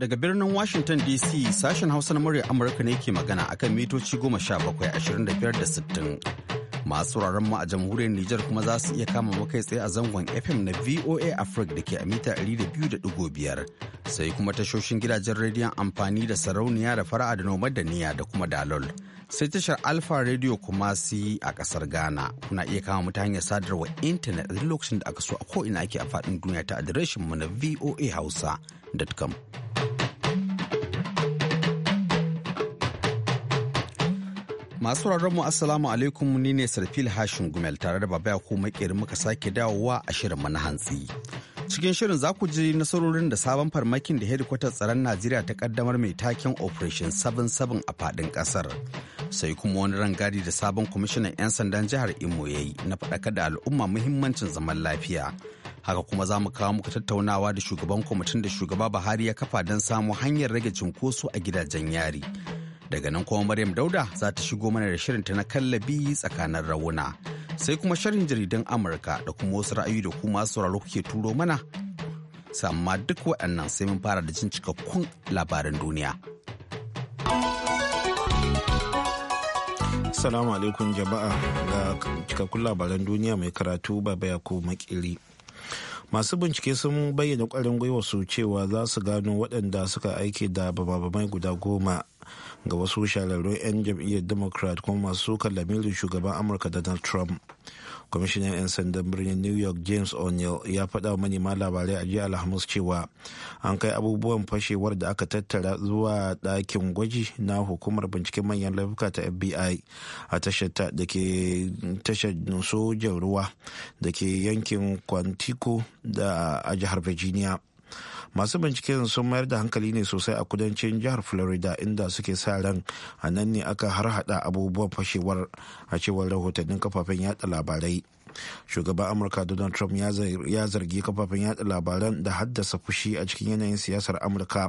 Daga birnin Washington DC sashen Hausa na murya Amurka ne ke magana akan mitoci goma sha bakwai ashirin da da sittin. Masu wuraren mu a jamhuriyar Nijar kuma za su iya kama makai tsaye a zangon FM na VOA Africa da ke a mita 200.5 sai kuma tashoshin gidajen rediyon amfani da sarauniya da fara'a da noma da niyya da kuma dalol. Sai tashar Alpha Radio kuma si a kasar Ghana kuna iya kama mu ta hanyar sadarwa intanet lokacin da aka so a ko'ina ake a faɗin duniya ta adireshin mu na voa hausa. amurka.com. Masu mu Assalamu alaikum ni ne Sarfil Hashin Gumel tare da Baba ko makeri muka sake dawowa a shirin mana hantsi. Cikin shirin za ku ji nasarorin da sabon farmakin da hedikwatar tsaron Najeriya ta kaddamar mai taken Operation 77 a fadin kasar. Sai kuma wani rangadi da sabon kwamishinan 'yan sandan jihar Imo ya yi na faɗakar da al'umma muhimmancin zaman lafiya haka kuma za mu kawo muku tattaunawa da shugaban kwamitin da shugaba buhari ya kafa don samu hanyar rage cunkoso a gidajen yari daga nan kuma maryam dauda za ta shigo mana da shirinta na kallabi tsakanin rawuna sai kuma shirin jaridan amurka da kuma wasu ra'ayi da kuma sauraro kuke turo mana samma duk waɗannan sai mun fara da jin cikakkun labaran duniya Assalamu alaikum jama'a ga cikakkun labaran duniya mai karatu baba ya makiri. masu bincike sun bayyana kwarin gwiwa su cewa za su gano waɗanda suka aiki da bababamai guda goma ga wasu shahararrun 'yan jam'iyyar democrat kuma masu kallamirin shugaban amurka donald trump kwamishinan 'yan sandan birnin new york james o'neill ya faɗa manema labarai a jiya alhamis cewa an kai abubuwan fashewar da aka tattara zuwa ɗakin gwaji na hukumar binciken manyan laifuka ta fbi a tashar da ke tashar sojan ruwa da ke yankin kwantiko da a jihar virginia masu binciken sun mayar da hankali ne sosai a kudancin jihar florida inda suke sa ran a nan ne aka harhaɗa abubuwan fashewar a cewar rahotannin kafafen yada labarai shugaban amurka donald trump ya zargi kafafen yada labaran da haddasa fushi a cikin yanayin siyasar amurka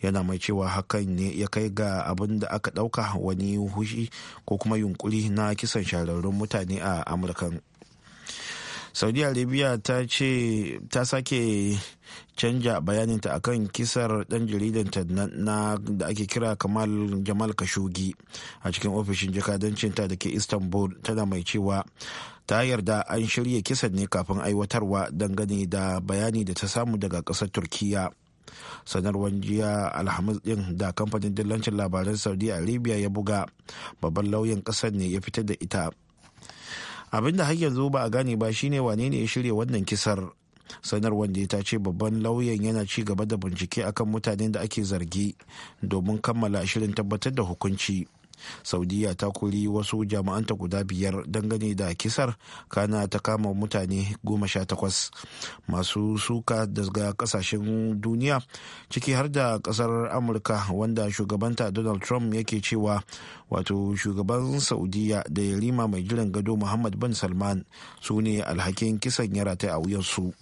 yana mai cewa hakan ne ya kai ga abin da aka ɗauka wani hushi ko kuma yunkuri na kisan shahararrun mutane a amurkan. saudi arabia ta ce ta sake canja bayaninta kan kisar dan jaridanta na da ake kira kamal jamal kashogi a cikin ofishin jakadancinta da ke istanbul tana mai cewa ta yarda an shirya kisan ne kafin aiwatarwa dangane da bayani da ta samu daga kasar turkiya sanarwar jiya alhamis din da kamfanin dillancin labaran saudi arabia ya buga babban lauyan kasar ne ya fitar da ita abin da har yanzu ba a gane ba shine wane ne ya shirya wannan kisar sanar wanda ta ce babban lauyan yana ci gaba da bincike akan mutanen da ake zargi domin kammala shirin tabbatar da hukunci saudiya ta kori wasu jami'anta guda biyar dangane da kisar kana ta kama mutane goma sha takwas masu suka daga kasashen duniya ciki har da kasar amurka wanda shugabanta donald trump yake cewa wato shugaban saudiya da yarima mai jiran gado muhammad bin salman su ne alhakin kisan yara ta a wuyansu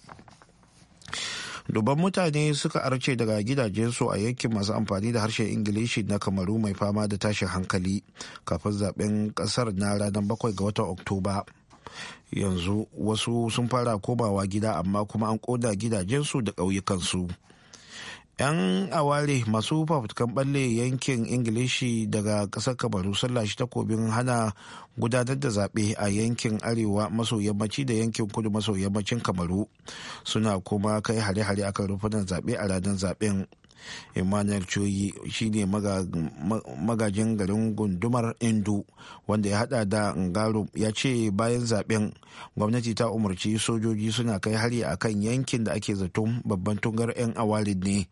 duban mutane suka arce daga gidajensu a yankin masu amfani da harshen ingilishi na kamaru mai fama da tashin hankali kafin zaben kasar na ranar bakwai ga watan oktoba yanzu wasu sun fara komawa gida amma kuma an koda gidajensu da ƙauyukansu. 'yan aware masu fafutukan balle yankin ingilishi daga kasar kamaru sun lashe takobin hana gudanar da zaɓe a yankin arewa maso yammaci da yankin kudu maso yammacin kamaru suna kuma kai hare-hare akan rufunan zaɓe a ranar zaɓen emmanuel choyi shine magajin garin gundumar indu wanda ya hada da ngarum ya ce bayan zaben gwamnati ta umarci sojoji suna kai hari a kan yankin da ake zaton babban tungar 'yan awalid ne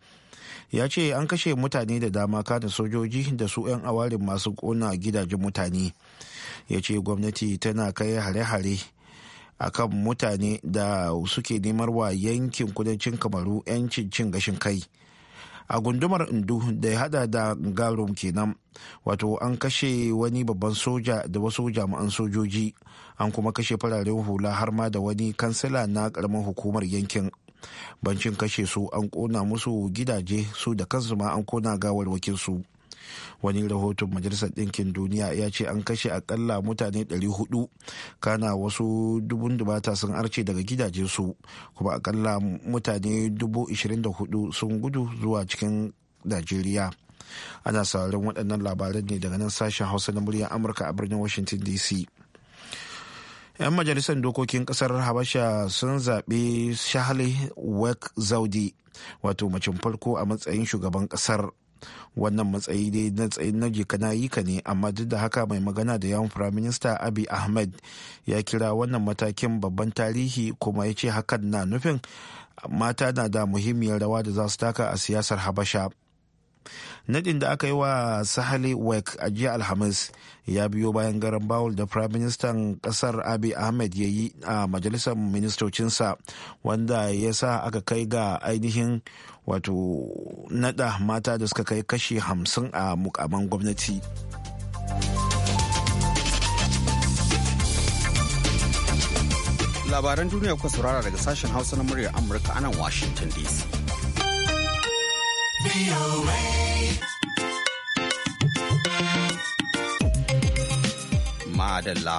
ya ce an kashe mutane da dama kada sojoji da su 'yan awarin masu kona gidajen mutane ya ce gwamnati tana kai hare-hare a kan mutane da suke nemar wa yankin kudancin kamaru 'yancin cin gashin kai a gundumar indu da ya hada da garum kenan wato an kashe wani babban soja da wasu jami'an sojoji an kuma kashe fararen hula har ma da wani kansila na karamin hukumar yankin bancin kashe su an kona musu gidaje su da kansu ma an kona gawarwakin su wani rahoton majalisar ɗinkin duniya ya ce an kashe akalla mutane 400 kana wasu dubun dubata sun arce daga gidajensu kuma akalla mutane 24,000 sun gudu zuwa cikin najeriya ana sauraron waɗannan labaran ne daga nan sashen hausa na muryar amurka a birnin washington dc 'yan majalisar dokokin kasar habasha sun zaɓi shahali wek zaudi wato macin farko a matsayin shugaban kasar wannan matsayi dai na tsayin na jikana yika ne amma duk da haka mai magana da yawan firaminista abi ahmed ya kira wannan matakin babban tarihi kuma ya ce hakan na nufin mata na da muhimmiyar rawa da za su taka a siyasar habasha nadin da aka yi wa sahali wek a jiya alhamis ya biyo bayan garan bawul da prime minister kasar abi ahmed ya yi a majalisar ministocinsa wanda ya sa aka kai ga ainihin wato nada mata da suka kai kashi hamsin a mukaman gwamnati labaran duniya kuka saurara daga sashen hausa na muryar amurka anan washington dc adalla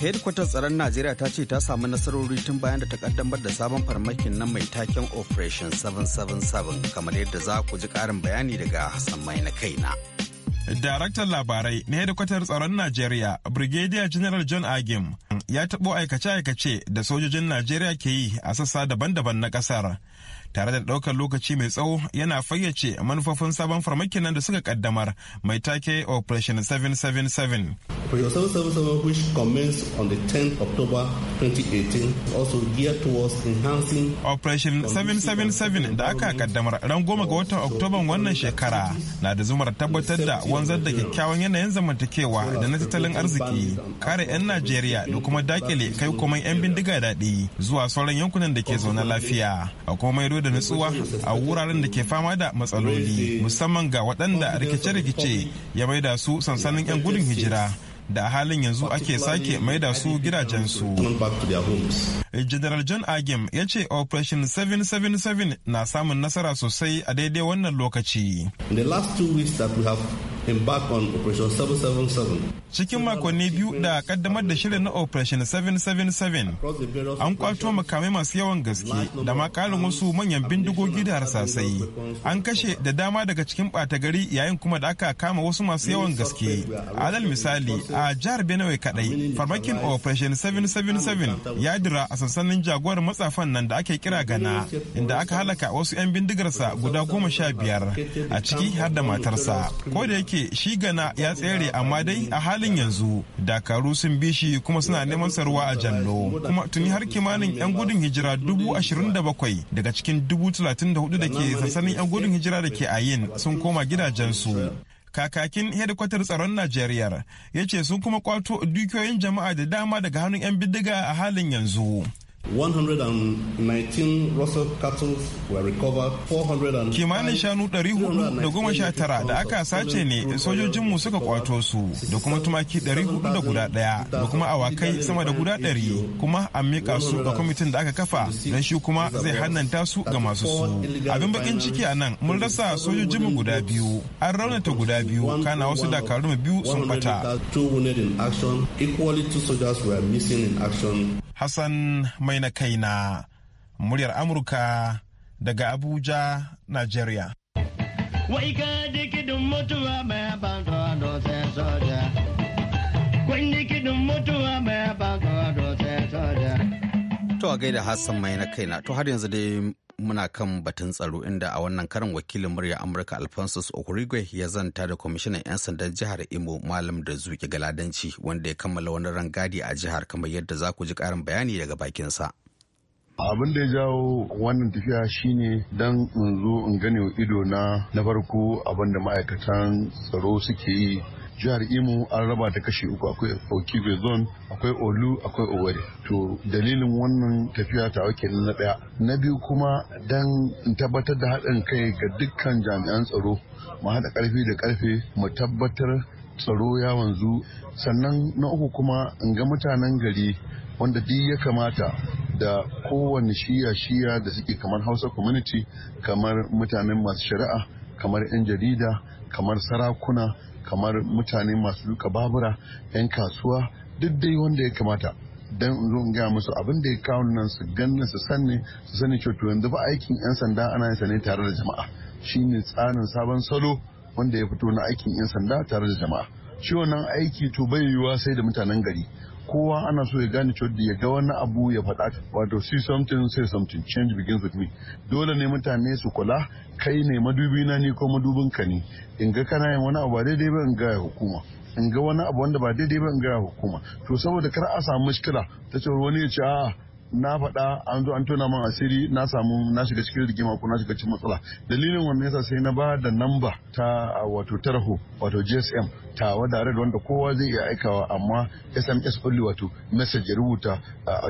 headquarters tsaron Najeriya ta ce ta samu nasarori tun bayan da ta kaddamar da sabon farmakin nan mai taken Operation 777 kamar yadda za ku ji karin bayani daga Hassan Mai na kaina. Daraktan labarai na hedkwatar tsaron Najeriya, Brigadier General John Agim, ya taɓo aikace-aikace da sojojin Najeriya ke yi a sassa daban-daban na ƙasar. tare da ɗaukar lokaci mai tsawo yana fayyace manufofin sabon farmakin nan da suka kaddamar mai take Operation 777. Operation 777 da aka kaddamar ran goma ga watan Oktoban wannan shekara na da zumar tabbatar da wanzar da kyakkyawan yanayin zamantakewa da na tattalin arziki kare 'yan Najeriya da kuma dakile kai kuma 'yan bindiga daɗi zuwa sauran yankunan da ke zaune lafiya a kuma mai da nutsuwa a wuraren da ke fama da matsaloli musamman ga waɗanda rikice-rikice ya da su sansanin 'yan gudun hijira da a halin yanzu ake sake da su gidajensu. General John Agim ya ce Operation 777 na samun nasara sosai a daidai wannan lokaci. In the last embark on Operation 777. Cikin makonni biyu da kaddamar da shirin na Operation 777 an kwato makamai masu yawan gaske da ma karin wasu manyan bindigogi da harsasai. An kashe da dama daga cikin ɓata gari yayin kuma da aka kama wasu masu yawan gaske. Alal misali a jihar Benue kadai farmakin Operation 777 ya dira a sansanin jagorar matsafan nan da ake kira Gana inda aka halaka wasu 'yan bindigarsa guda goma sha biyar a ciki har da matarsa. Ko da yake ce shi gana ya tsere amma dai a halin yanzu dakaru sun bi shi kuma suna neman sarwa a jallo kuma tuni har kimanin yan gudun hijira dubu ashirin da bakwai daga cikin dubu talatin da hudu da ke sansanin yan gudun hijira da ke a yin sun koma gidajensu kakakin hedikwatar tsaron najeriya ya ce sun kuma kwato dukiyoyin jama'a da dama daga hannun yan bindiga a halin yanzu Kimanin shanu 419 da aka sace ne sojojinmu suka kwato su da kuma tumaki 401 da da kuma awakai sama da guda 100 kuma an mika su ga kwamitin da aka kafa don shi kuma zai hannanta su ga masu su. Abin bakin ciki a nan mun rasa sojojinmu guda biyu an raunata guda biyu kana wasu dakarun biyu sun bata. Hassan mai na kaina muryar Amurka daga Abuja, Najeriya. Wai mutuwa mai To a gaida Hassan mai na kaina, to har yanzu dai muna kan batun tsaro inda a wannan karin wakilin murya Amurka Alphonsus Okurigwe ya zanta da kwamishinan 'yan sandan jihar Imo Malam da Zuki Galadanci wanda ya kammala wani rangadi a jihar kamar yadda za ku ji karin bayani daga bakinsa. abin da ya jawo wannan tafiya shine don in zo in gane ido na na farko abin da ma'aikatan tsaro suke yi jihar imo an raba ta kashi uku akwai okibe zone akwai olu akwai oware to dalilin wannan tafiya ta wake na daya na biyu kuma dan tabbatar da haɗin kai ga dukkan jami'an tsaro mu haɗa ƙarfi da ƙarfe mu tabbatar tsaro ya wanzu sannan na uku kuma in ga mutanen gari wanda duk ya kamata da kowane shiya-shiya da suke kamar hausa community kamar mutanen masu shari'a kamar 'yan jarida kamar sarakuna kamar mutane masu duka babura 'yan kasuwa duk dai wanda ya kamata don in zo in gaya musu abin da ya kawo nan su ganna su sani su sani cewa yanzu ba aikin 'yan sanda ana yin sa ne tare da jama'a shine tsarin sabon salo wanda ya fito na aikin 'yan sanda tare da jama'a shi wannan aiki to bai yiwuwa sai da mutanen gari kowa ana so ya gane cewa ya ga wani abu ya faɗa wato see something say something change begins with me dole ne mutane su kula kai ne madubi na ne ko madubin ka ne in ga kana yin wani abu ba daidai ba in ga hukuma in ga wani abu wanda ba daidai ba in ga hukuma to saboda kar a samu mushkila ta ce wani ya ce a'a na faɗa an zo an tona man asiri na samu na shiga cikin rigima ko na shiga cikin matsala dalilin wannan yasa sai na ba da namba ta wato tarho wato GSM tawa da red wanda kowa zai iya aikawa amma SMS only wato message rubuta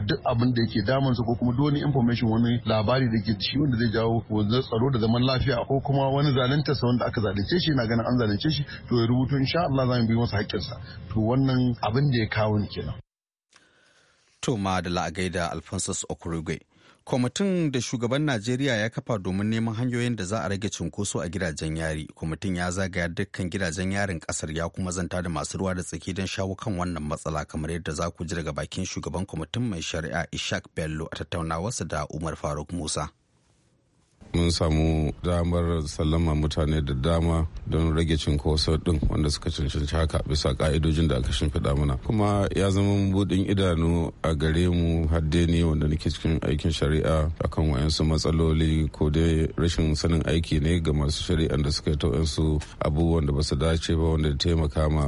duk abin da yake damun su ko kuma duk wani information wani labari da ke shi wanda zai jawo wanzar tsaro da zaman lafiya ko kuma wani zalunta sa wanda aka zalunce shi na ganin an zalunce shi to ya rubuta insha Allah za mu bi masa haƙƙinsa to wannan abin da ya kawo ni kenan To da la'agai da Alphonsus Okurugwe. Kwamitin da shugaban Najeriya ya kafa domin neman hanyoyin da za a rage cunkoso a gidajen yari. Kwamitin ya zagaya dukkan gidajen yarin kasar ya kuma zanta da masu ruwa da tsaki don shawo kan wannan matsala kamar yadda za ku ji daga bakin shugaban kwamitin mai shari'a Ishak Bello a tattaunawarsa da Umar Faruk Musa. mun samu damar sallama mutane da dama don rage cinkoso din wanda suka cancanci haka bisa ka'idojin da aka shimfiɗa mana kuma ya zama buɗin idanu a gare mu hadde ne wanda nake cikin aikin shari'a akan wayansu matsaloli ko dai rashin sanin aiki ne ga masu shari'a da suka yi ta wayansu abubuwan da basu dace ba wanda taimaka ma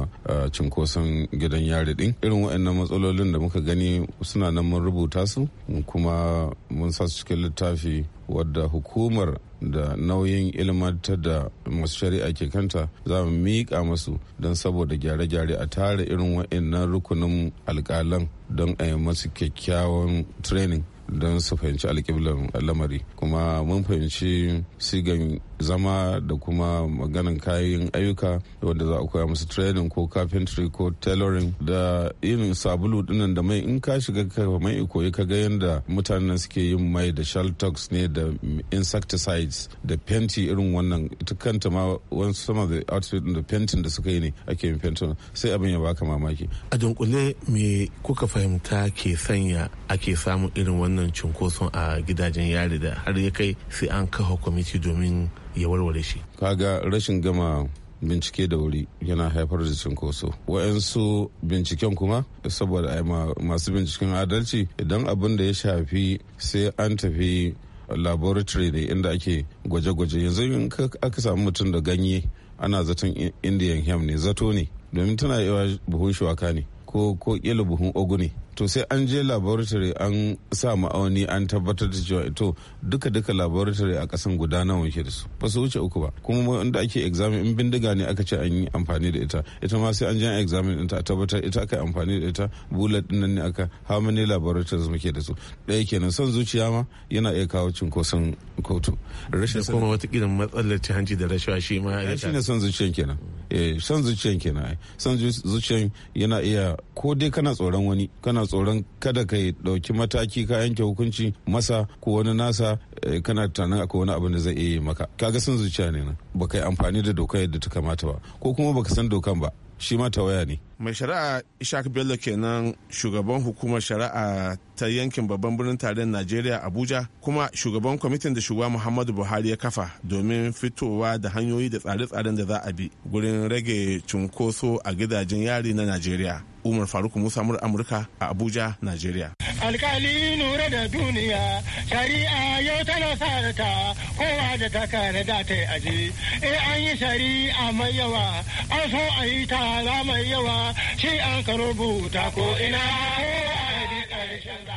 cinkoson gidan yari din irin wayannan matsalolin da muka gani suna nan mun rubuta su kuma mun sa su cikin littafi wadda hukumar da nauyin ilmantar da masu shari'a ke kanta za mu miƙa masu don saboda gyare-gyare a tara irin wa'annan rukunin alƙalan don a yi masu kyakkyawan training don su fahimci alƙiblar lamari kuma mun fahimci sigan zama da kuma maganan kayan ayyuka wanda za a koya musu training ko carpentry ko tailoring da yin sabulu dinnan da mai in ka shiga ka mai koyi ka ga yadda mutanen suke yin mai da shell talks ne da insecticides da fenti irin wannan ita kanta ma wani sama da outfit da fentin da suka yi ne ake yin fentin sai abin ya baka mamaki a dunkule me kuka fahimta ke sanya ake samun irin wannan wannan cunkoson a gidajen yari da har ya kai sai an kafa kwamiti domin ya warware shi kaga rashin gama bincike da wuri yana haifar da cunkoso wa'yansu binciken kuma saboda ai masu binciken adalci idan abin da ya shafi sai an tafi laboratory ne inda ake gwaje-gwaje yanzu in aka samu mutum da ganye ana zaton indian hem ne zato ne domin tana yawa buhun shuwaka ne ko ko buhun ogu ne to sai an je laboratory an sa ma'auni an tabbatar da cewa to duka duka laboratory a kasan guda nawa yake da su ba su wuce uku ba kuma inda ake examine in bindiga ne aka ce an yi amfani da ita ita ma sai an je examine ɗinta a tabbatar ita aka yi amfani da ita bullet din nan ne aka how many laboratories muke da su ɗaya kenan son zuciya ma yana iya kawo cinkoson kotu rashin kuma watakila matsalar ci hanci da rashawa shi ma ya shi ne son zuciyan kenan eh son zuciyan kenan son zuciyan yana iya ko dai kana tsoron wani kana tsoron kada ka ɗauki mataki ka yanke hukunci masa ko wani nasa eh, kana tunanin akwai wani abin da zai iya yi maka kaga sun zuciya ne nan baka yi amfani da doka yadda ta kamata ba ko kuma baka san dokan ba shi ma tawaya ne mai shari'a ishak bello kenan shugaban hukumar shari'a ta yankin babban birnin tarihin najeriya abuja kuma shugaban kwamitin da shugaba muhammadu buhari ya kafa domin fitowa da hanyoyi da tsare-tsaren da za a bi gurin rage cunkoso a gidajen yari na najeriya umar faruk musa mur amurka a abuja najeriya alkali nura da duniya shari'a yau tana ta kowa da ta kare da ta yi aji eh an yi shari'a mai yawa an so a yi tara mai yawa shi an ka rubuta ko ina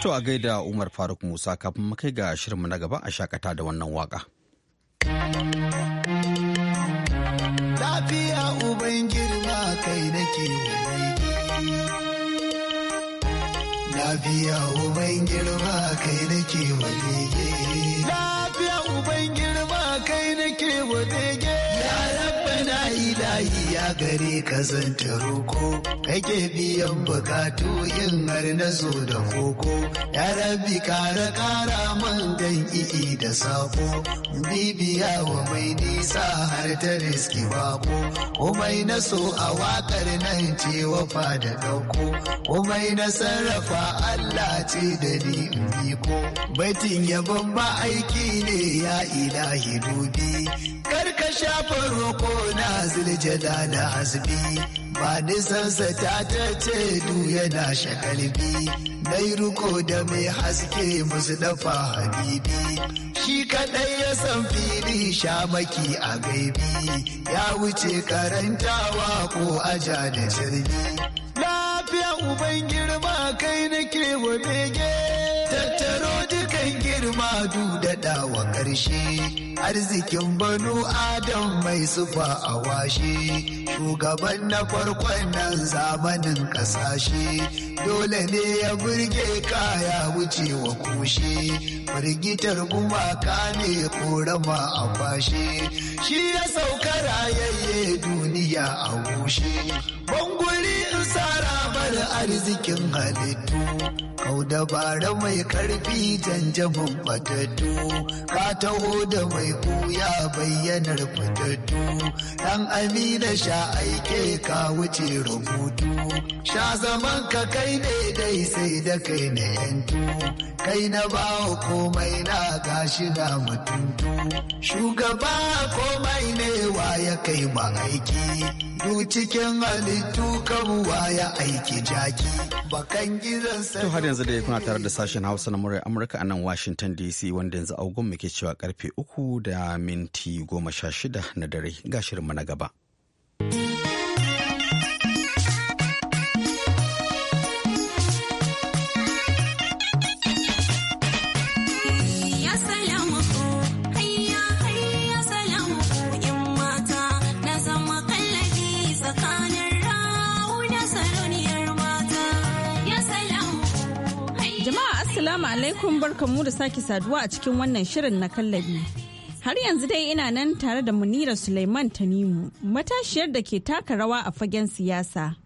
To a gaida Umar Faruk Musa kafin mu kai ga shirinmu na gaba a shakata da wannan waka. Lafiya uban girma kai nake Lafiya uban girma kai nake wadege. Lafiya uban girma kai nake wadege. yi layi ya gare ka zanta roko kake biyan bukatu yin har na zo da koko ya rabi kara kara man dan i'i da sako bibiya wa mai nisa har ta riski bako komai na so a wakar nan ce wafa da dauko komai na sarrafa Allah ce da ni in ko batin yabon ba aiki ne ya ilahi dubi shafin roko na ziljada da hasbi ba nisansa ta ce du yana shakalbi mai ruko da mai haske musu dafa habibi shi kaɗai ya san fili shamaki a gaibi ya wuce karantawa ko aja da jirgi lafiya uban girma kai nake wa bege daɗa wa ƙarshe arzikin banu adam mai sufa a washe shugaban na farkon nan zamanin ƙasashe dole ne ya burge kaya wuce wa kushe firgitar gumaka ne korama a fashe shi ya sauka rayayye duniya a gushe banguri in sara arzikin halittu kau dabara mai karfi janjamin fatattu ka taho da mai kuya bayyanar fatattu dan amina sha aike ka wuce rubutu sha zaman ka kai ne dai, sai da kai na yantu kai na bawa komai na gashi na mutuntu shugaba komai ne waya kai ma aiki du cikin halittu kan waya aiki jaki bakan gizon To har yanzu da kuna tare da sashen Hausa na murar Amurka a nan Washington DC wanda yanzu agogon muke cewa karfe uku da minti goma sha shida na dare ga shirinmu na gaba. Assalamu alaikum barkamu da sake saduwa a cikin wannan shirin na kallabi. Har yanzu dai ina nan tare da Munira Suleiman Tanimu, matashiyar da ke taka rawa a fagen siyasa.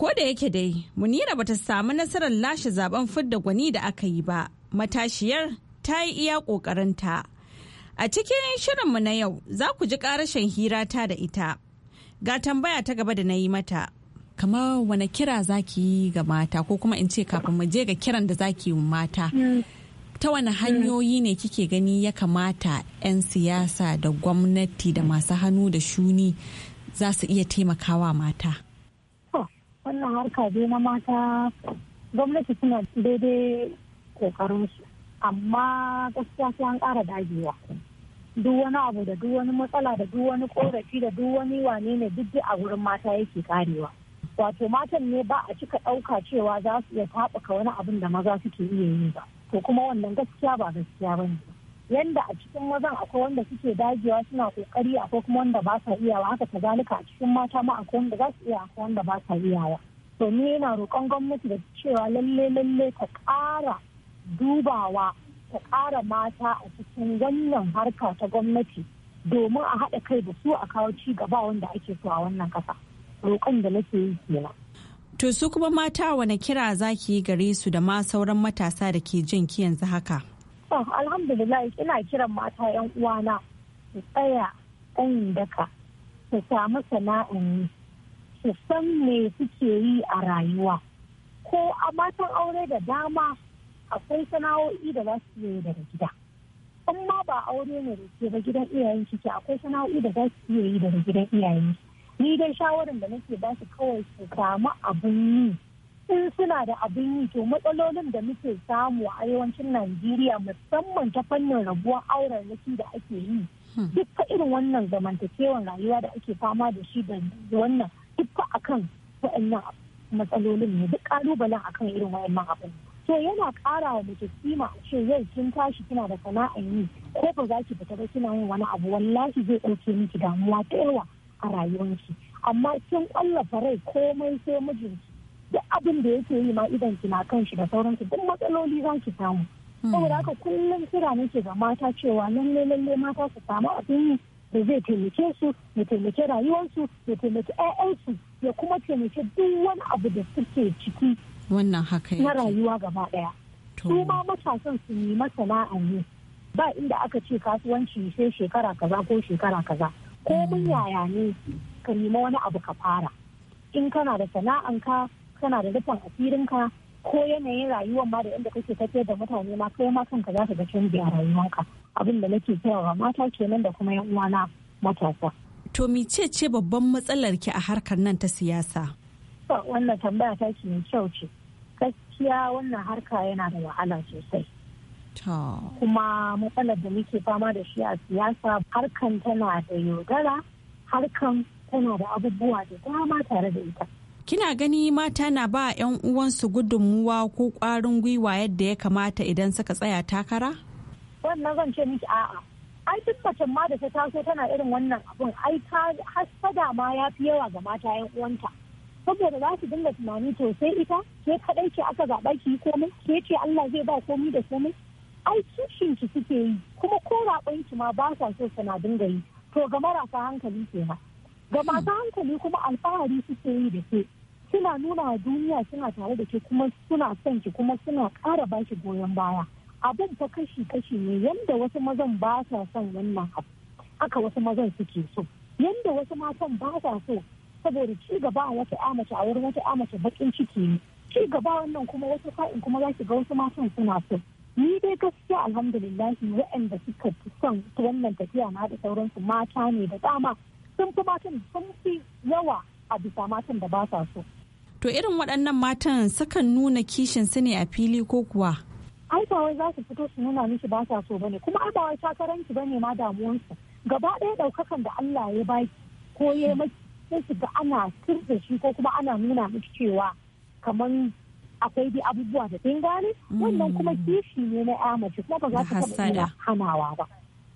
Ko da yake dai, Munira bata samu nasarar lashe zaben fidda gwani da aka yi ba, matashiyar ta yi iya ƙoƙarinta. A cikin shirinmu na yau, za ku ji ƙarashin hira ta da ita. Ga tambaya ta gaba da na yi mata. kamar wani kira zaki yi ga mata ko kuma in ce kafin mu je ga kiran da zaki yi mata ta wani hanyoyi ne kike gani ya kamata 'yan siyasa da gwamnati da masu hannu da shuni za su iya taimakawa mata wannan harka dai na mata gwamnati suna daidai su amma gaskiya sai an ƙara dagewa duk wani abu da duk wani matsala da duk wani korafi da duk wani wane ne duk a wurin mata yake karewa wato matan ne ba a cika ɗauka cewa za su iya taɓuka wani abin da maza suke iya yi ba to kuma wannan gaskiya ba gaskiya ba ne yanda a cikin mazan akwai wanda suke dagewa suna kokari akwai kuma wanda ba sa iyawa haka kazalika a cikin mata ma akwai wanda za su iya akwai wanda ba sa iyawa to ni yana roƙon gwamnati da cewa lalle lalle ta ƙara dubawa ta ƙara mata a cikin wannan harka ta gwamnati domin a haɗa kai da su a kawo ci gaba wanda ake so a wannan ƙasa. roƙon da nake yi kenan. To su kuma mata wani kira za ki yi gare su da ma sauran matasa da ke jin ki yanzu haka? alhamdulillah ina kiran mata yan uwana su tsaya ɗan daka su samu sana'in su san me suke yi a rayuwa. Ko a matan aure da dama akwai sana'o'i da za su yi daga gida. amma ba aure ne da ke ba gidan iyayen ciki akwai sana'o'i da za su yi daga gidan iyayen ni dai shawarar da nake ba su kawai su samu abin yi in suna da abin yi to matsalolin da muke samu a yawancin najeriya musamman ta fannin rabuwar auren da ake yi hmm. duka irin wannan zamantakewan rayuwa da ake fama da shi da wannan dukka akan waɗannan matsalolin ne duk kalubalen akan irin waɗannan abin to yana kara wa mace kima a ce yau kin tashi kina da sana'ar yi ko ba za ki fita ba kina yin wani abu wallahi zai ɗauke miki damuwa ta yawa a rayuwarsu amma kin kwallafa rai komai sai mijinki duk abin da yake yi ma idan ki na kan shi da sauransu duk matsaloli za ki samu hmm. saboda haka kullum kira nake ga mata cewa lalle lalle mata su samu abin yi da zai taimake su ya taimake rayuwarsu ya taimake 'ya'yansu ya kuma taimake duk wani abu da suke ciki wannan haka na rayuwa gaba ɗaya su ma matasan su yi masana'a ne ba inda aka ce kasuwanci sai shekara kaza ko shekara kaza Ko komai yaya ne ka nemi wani abu ka fara in kana da sana'anka kana da rufin asirinka ko yanayin rayuwar ma da inda kake tafiyar da mutane ma kai ma kanka za ka ga canji a rayuwarka abin da nake kirawa mata kenan da kuma yan uwana matasa to me ce babban matsalar ki a harkar nan ta siyasa wannan tambaya ta ke mai kyau ce gaskiya wannan harka yana da wahala sosai Kuma matsalar da muke fama da shi a siyasa harkan tana da yaudara, harkan tana da abubuwa da dama tare da ita. Kina gani mata na ba 'yan uwansu gudunmuwa ko kwarin gwiwa yadda ya kamata idan suka tsaya takara? Wannan zan ce miki a'a. Ai duk macen ma da ta taso tana irin wannan abun ai ta hasada ma ya fi yawa ga mata 'yan uwanta. Saboda za su dinga tunani to sai ita ke kaɗai ke aka zaɓa ki komai ke ce Allah zai ba komai da komai ai kishin ki suke yi kuma ko raɓan ki ma ba sa so sana dinga yi to ga marasa hankali ha ga masu hankali kuma alfahari suke yi da ke suna nuna wa duniya suna tare da ke kuma suna son ki kuma suna ƙara ba shi goyon baya abin ta kashi kashi ne yanda wasu mazan ba sa son wannan abu aka wasu mazan suke so yanda wasu matan ba sa so saboda ci gaba a wata amace a wurin wata amace bakin ciki ne ci gaba wannan kuma wasu sa'in kuma za ki ga wasu matan suna so ni dai gaskiya alhamdulillah waɗanda suka fi son wannan tafiya na da sauransu mata ne da dama sun fi matan sun fi yawa a bisa matan da ba sa so. To irin waɗannan matan sukan nuna kishin su ne a fili ko kuwa? Ai ba wai za su fito su nuna miki ba sa so ne kuma ai ba wai takaranki bane ma damuwarsu. Gaba ɗaya ɗaukakan da Allah ya baki ko ya maki sai su ana sir shi ko kuma ana nuna miki cewa kamar akwai dai abubuwa da kin gane mm. wannan kuma kishi ne na ya mace kuma ba za ta taɓa iya hanawa ba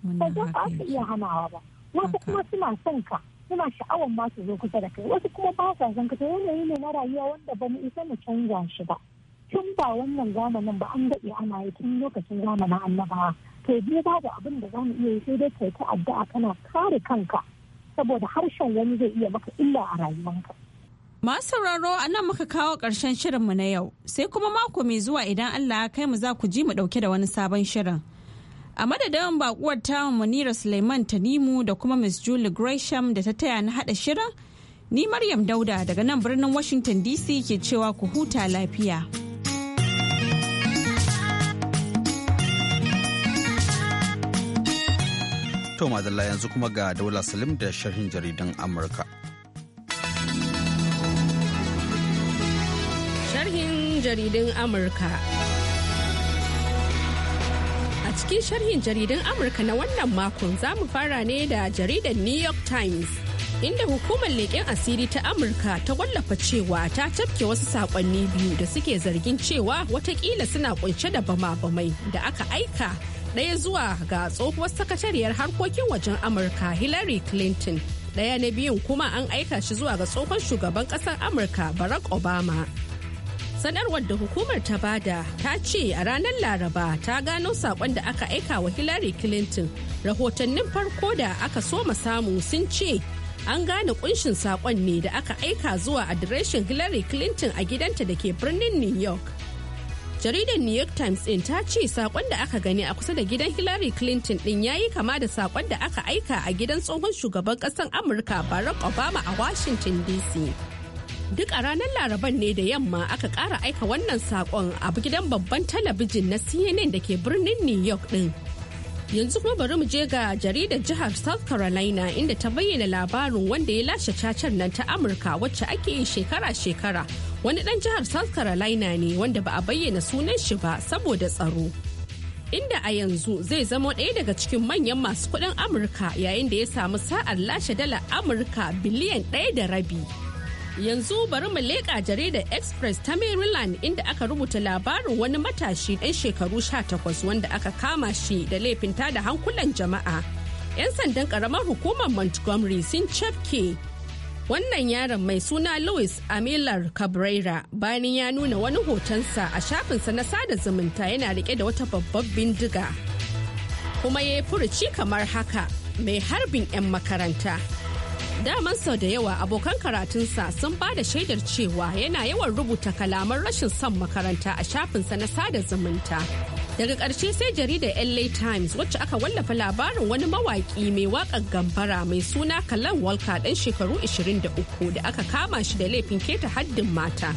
ba za ka iya hanawa ba wasu kuma suna son ka suna sha'awan ma su zo kusa da kai wasu kuma ba sa son ka to yanayi ne na rayuwa wanda ba mu isa mu canza shi ba tun ba wannan zamanin ba an daɗe ana yi tun lokacin zamanin annabawa to biyu babu abin da za mu iya yi sai dai kai ta addu'a kana kare kanka saboda harshen wani zai iya maka illa a rayuwanka. Masu sauraro a nan muka kawo ƙarshen shirinmu na yau, sai kuma mako mai zuwa idan Allah ya kai mu za ku ji mu ɗauke da wani sabon shirin. A madadin bakuwar tamu Munira Suleiman Tanimu da kuma Miss Julie Gresham da ta taya na haɗa shirin, ni Maryam Dauda daga nan birnin Washington DC ke cewa ku huta lafiya. To madalla yanzu kuma ga Daula Salim da sharhin jaridan Amurka. jaridun Amurka. A cikin sharhin jaridun Amurka na wannan makon za mu fara ne da jaridar New York Times. Inda hukumar leƙen asiri ta Amurka ta wallafa cewa ta tafke wasu saƙonni biyu da suke zargin cewa watakila suna kunshe da bama-bamai da aka aika ɗaya zuwa ga tsohuwar sakatariyar harkokin wajen Amurka Hillary Clinton. Ɗaya na biyun kuma an aika shi zuwa ga tsohon shugaban ƙasar Amurka Barack Obama. sanarwar da hukumar ta bada ta ce a ranar laraba ta gano sakon da aka aika wa hillary clinton rahotannin farko da aka so soma samu sun ce an gane kunshin sakon ne da aka aika zuwa adireshin hillary clinton a gidanta da ke birnin new york jaridar new york times din ta ce sakon da aka gani a kusa da gidan hillary clinton din yayi kama da sakon da aka aika a gidan tsohon shugaban kasan amurka barack obama a washington dc duk a ranar laraban ne da yamma aka ƙara aika wannan sakon a gidan babban talabijin na cnn da ke birnin new york ɗin yanzu kuma bari mu je ga jaridar jihar south carolina inda ta bayyana labarin wanda ya lashe cacar nan ta amurka wacce ake yi shekara-shekara wani ɗan jihar south carolina ne wanda ba a bayyana sunan shi ba saboda tsaro inda a yanzu zai zama ɗaya daga cikin manyan masu kuɗin amurka yayin da ya samu sa'ar lashe dala amurka biliyan ɗaya da rabi yanzu bari mu leƙa jaridar express ta maryland inda aka rubuta labarin wani matashi ɗan shekaru sha takwas wanda aka kama shi da laifin tada hankulan jama'a 'yan sandan ƙaramar hukumar montgomery sun cafke wannan yaron mai suna louis amilar cabrera bayan ya nuna wani hotonsa a shafinsa na sada zumunta yana rike da wata babbar bindiga kuma ya yi furuci kamar haka mai harbin 'yan makaranta daman sau da yawa abokan karatunsa sun ba da shaidar cewa yana yawan rubuta kalaman rashin son makaranta a shafinsa na sada zumunta daga ƙarshe sai jaridar la times wacce aka wallafa labarin wani mawaƙi mai waƙar gambara mai suna kalan walka ɗan shekaru 23 da aka kama shi da laifin keta haddin mata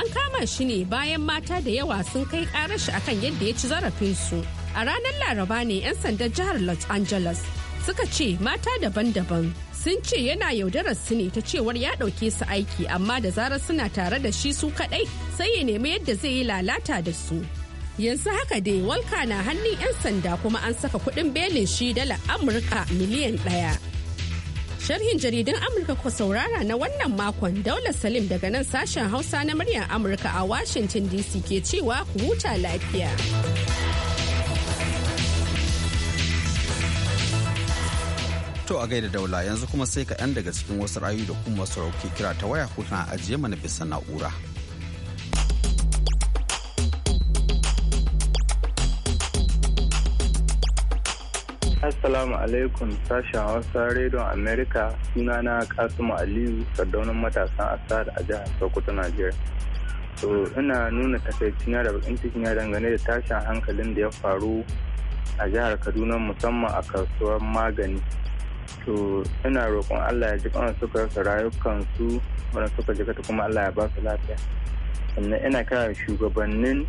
an kama shi ne bayan mata da yawa sun kai ƙarar shi akan yadda ya ci zarafinsu a ranar laraba ne 'yan sandan jihar los angeles suka ce mata daban-daban sun ce yana yaudarar su ne ta cewar ya ɗauke su aiki amma da zarar suna tare da shi su kaɗai sai ya nemi yadda zai yi lalata da su. Yanzu haka dai walka na hannun 'yan sanda kuma an saka kuɗin belin shi dala Amurka miliyan ɗaya. Sharhin jaridun Amurka ku saurara na wannan makon Daula Salim daga nan sashen Hausa na muryar Amurka a Washington DC ke cewa ku huta lafiya. To a gaida daula yanzu kuma sai ka 'yan daga cikin wasu ra'ayi da kuma wasu rauke kira ta waya ko tana ajiye mana bisa na'ura. Assalamu alaikum sashen Hausa Radio America sunana Kasimu Aliyu sardaunin matasan Asad a jihar Sokoto Najeriya. To ina nuna takaicina da bakin cikin ya dangane da tashin hankalin da ya faru a jihar Kaduna musamman a kasuwar magani to ina roƙon Allah ya ji kan suka rasa rayukansu wanda suka jikata kuma Allah ya ba su lafiya sannan ina kara shugabannin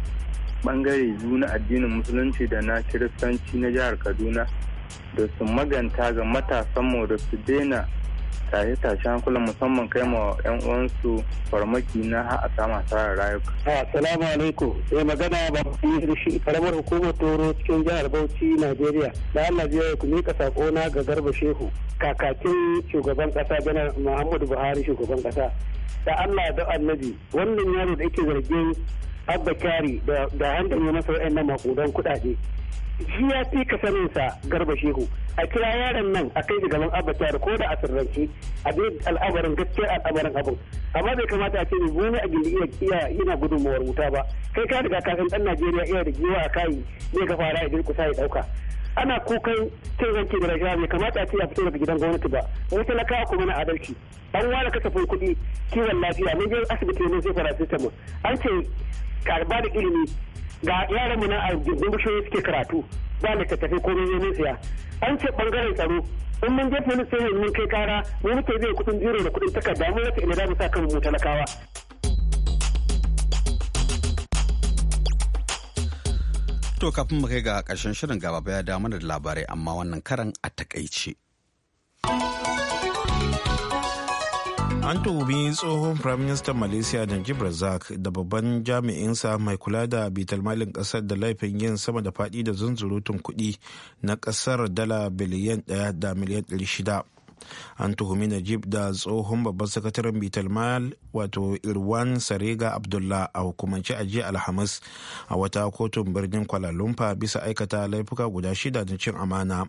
bangare biyu na addinin musulunci da na kiristanci na jihar kaduna da su maganta ga matasanmu da su daina tashe-tashen hankulan musamman kai ma 'yan uwansu farmaki na a samu asarar rayuka. Assalamu alaikum. Sai eh, magana ba yi shi karamar hukumar Toro cikin jihar Bauchi, Najeriya. Da Allah biya ku mika sako na ga Garba Shehu, kakakin shugaban ƙasa Janar Muhammadu Buhari shugaban ƙasa. Da Allah da Annabi, wannan yaro da yake zargin Abba Kyari da handa ne masa na makudan kuɗaɗe. shi ya fi ka saninsa garba shehu a kira yaron nan a kai gaban abata da ko da a sirranci a bi al'abarin gaskiyar al'abarin abu amma bai kamata a ce ne wani a gindi iya yana gudunmawar wuta ba kai ka riga ka san dan najeriya iya da giwa a kayi ne ga fara idan kusa ya dauka ana kukan cin zanki da rashawa bai kamata a ce a fito daga gidan gwamnati ba mu talakawa kuma na adalci an ware kasafin kuɗi kiwon lafiya mun je asibiti mun sai paracetamol an ce karba da ilimi ga yaran mu na a bishiyoyi suke karatu ba da tattafi ko ne siya an ce bangaren tsaro in mun je police station mun kai kara mu muke zai kudin jiro da kudin takarda mu wata ina za mu sa kan mu talakawa To kafin mu kai ga karshen shirin gaba ya mana da labarai amma wannan karan a takaice. an tuhumi tsohon minister malaysia najib razak da babban jami'insa mai kula da malin kasar da laifin yin sama da fadi da zunzurutun kudi na kasar dala biliyan ɗaya da miliyan ɗari shida an tuhumi najib da tsohon babban sakataren bitalmal wato irwan sarega abdullah a hukumance a jiya alhamis a wata kotun birnin kwalalumfa bisa aikata laifuka guda shida da cin amana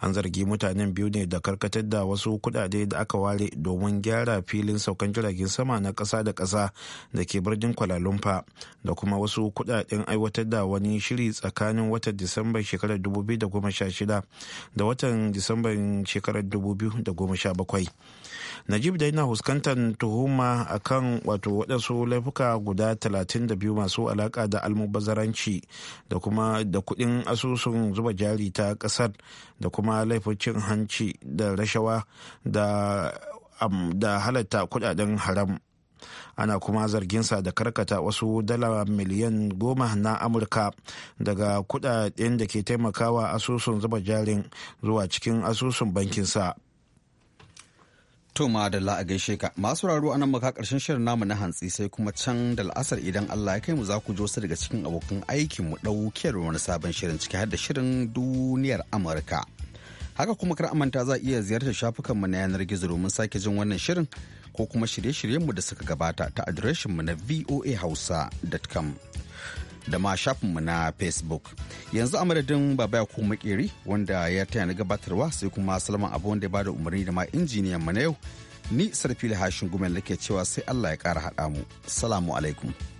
an zargi mutanen biyu ne da karkatar da wasu kudade da aka ware domin gyara filin saukan jiragen sama na ƙasa da ƙasa da ke birnin kwalalumfa da kuma wasu kudaden aiwatar da wani shiri tsakanin watan disambar shekarar 2016 da watan disambar shekarar 2017 najib dai na fuskantar tuhuma akan wato waɗansu laifuka guda 32 masu alaƙa da almubazzaranci da kuma da kuɗin asusun zuba jari ta ƙasar da kuma laifin cin hanci da rashawa da, halatta kudaden haram ana kuma zarginsa da karkata wasu dala miliyan goma na amurka daga kudaden da ke taimakawa asusun zuba jarin zuwa cikin asusun bankinsa. sa To da a gaishe ka masu raro anan maka karshen shirin namu na hantsi sai kuma can da la'asar idan Allah ya kai mu za ku jo su daga cikin abokan aikin mu ɗaukiyar wani sabon shirin ciki har da shirin duniyar Amurka. Haka kuma kar amanta za iya ziyartar shafukan mu na yanar gizo domin sake jin wannan shirin ko kuma shirye-shiryen mu da suka gabata ta adireshin mu na voahausa.com. da ma shafinmu na facebook yanzu a madadin baba ya kuma makeri wanda ya taya na gabatarwa sai kuma salman abu wanda ya bada umarni da ma injiniyan mu na yau ni sarfili hashin gumel ke cewa sai allah ya kara haɗa mu salamu alaikum